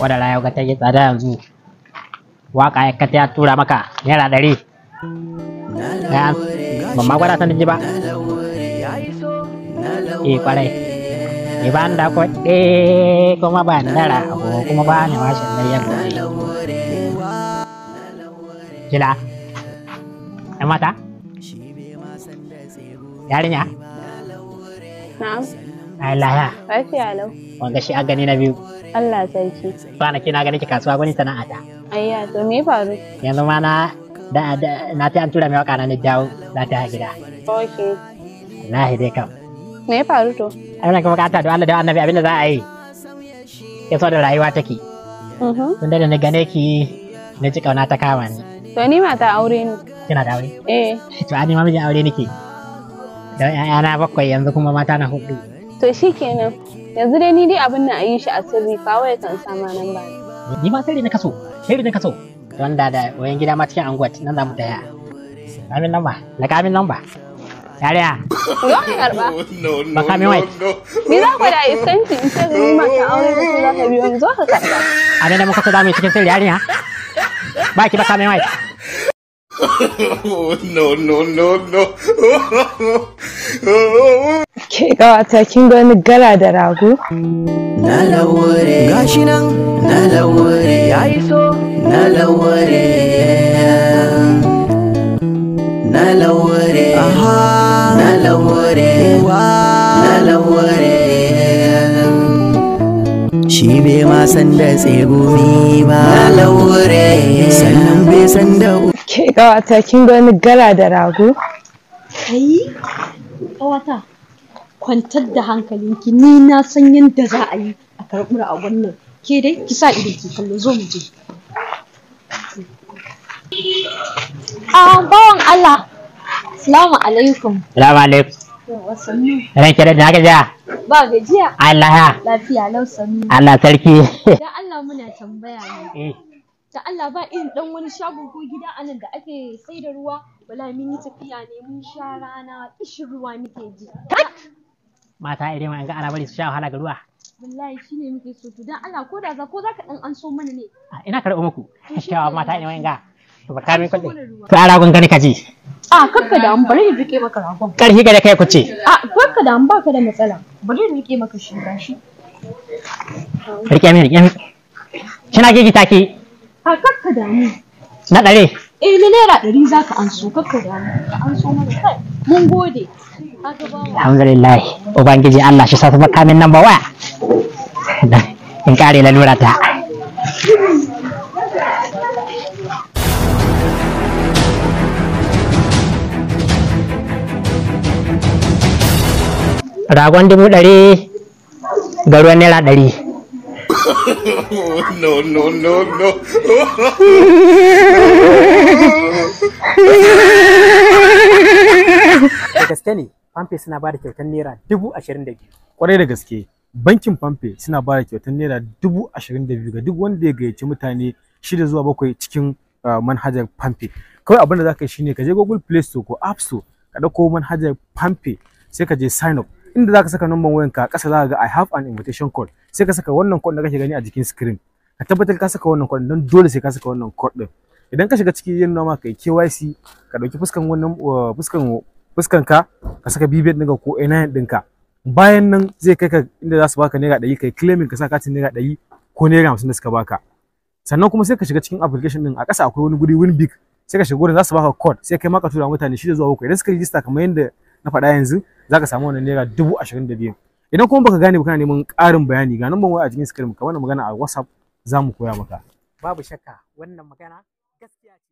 wadda rayuwa ka ta yi tsada yanzu waka ya kata ya tura maka naira ɗari ban ma gwada sanin ji ba eh kwarai eh ba da kuɗi eh, kuma ba nara ko kuma ba ni mashin Ya yamma jila ɗan mata yarinya na'am Ai lahiya. Lafiya lau. Wanga shi a gani na biyu. Allah sarki. Kwana ki na gani ki kasuwa gwani sana'a ta. Ayya to me faru? Yanzu ma na da na ta an tura mai waka na ni dawo za ta gida. Okay. Na dai kam. Me faru to? Ai na kuma ta da Allah da Annabi abinda za a yi. Ya so da rayuwa take. Mhm. Tunda da na gane ki ne ji kauna ta kama ni. To ni mata aure ni. Kina da aure? Eh. To ani ma mijin aure nake. Da 'ya'yana bakwai yanzu kuma mata na hudu. to shi kenan yanzu dai ni dai abin na a yi shi a sirri fa waya kan sama nan ba ni ma sai na kaso sai na kaso don da da wayan gida ma cikin anguwa nan za mu daya kamin lamba na kamin lamba ya zo ka karba ba kamin wai ni za ku da iskanci in ce zai maka aure da za ka biyo zo ka karba a nan da muka so za mu yi cikin sirri ya ba ki ba kamin wai no no no no Ke gawata kin ga wani gara da rago? Na lawure. Gashi nan. Na lawure. Ya iso. Na lawure. Na lawure. Aha. Na lawure. Wa. Na lawure. Shi be ma san da tsegumi ba. Na lawure. Sannan be san da. Ke gawata kin ga wani gala da rago? Ai. Kawata. kwantar da hankalinki ni na san yadda za a yi a karɓar a wannan ke dai ki sa ido ki kallo zo mu je a ah, bawan Allah salamu alaikum salamu alaikum ran kira da gaja ba gajiya Allah lafiya lau sami Allah sarki dan Allah muna tambaya ne eh. Da Allah ba irin dan wani shago ko gida anan da ake sai da ruwa wala mun yi tafiya ne mun sha rana kishin ruwa muke ji mata irin ga ana bari su sha wahala ga ruwa wallahi ne muke so to dan Allah ko da za ko za ka dan an so mana ne ina karɓo muku shawa mata irin wa'anga to ba kamin kulle. Ta a ragon gani kaji a kakka da an bari rike maka ragon karhi ga da kai kuce a kakka da an ka da matsala bari rike maka shi gashi rike min rike min kina gigi take a kakka da ni. na dare eh na naira ɗari za ka an so kakka da ni. an so mana kai mun gode alhamdulillah ubangiji Allah shi sa makamin nan ba waya in kare lalura ta ragon dubu ɗari ga ruwan naira no no no no da gaske Pampe suna ba da kyautar naira dubu ashirin da biyu. Kwarai da gaske bankin Pampe suna ba da kyautar naira dubu ashirin da biyu ga duk wanda ya gayyaci mutane shida zuwa bakwai cikin ah, manhajar Pampe. Kawai abin da za ka yi shine ka je Google Play Store ko App Store ka ɗauko manhajar Pampe sai ka je sign up inda za ka saka numban wayanka ƙasa za ka ga I have an invitation code sai ka saka wannan code da kake gani a jikin screen ka tabbatar ka saka wannan code don dole sai ka saka wannan code din idan ka shiga cikin yin noma yi KYC ka ɗauki fuskan wannan ah, fuskan Fuskan ka ka saka bibiyar ɗinka ko ina 9 ɗinka bayan nan zai kai ka inda za su baka naira ɗari kai claiming ka sa katin naira ɗari ko naira hamsin da suka baka sannan kuma sai ka shiga cikin application ɗin a ƙasa akwai wani guri win big sai ka shiga gurin za su baka code sai kai ma ka tura mutane shida zuwa bakwai idan suka rijista kamar yadda na faɗa yanzu za ka samu wannan naira dubu ashirin da biyar idan kuma baka gane ba kana neman ƙarin bayani ga nan ban waya a cikin screen ka wannan magana a whatsapp za mu koya maka babu shakka wannan magana gaskiya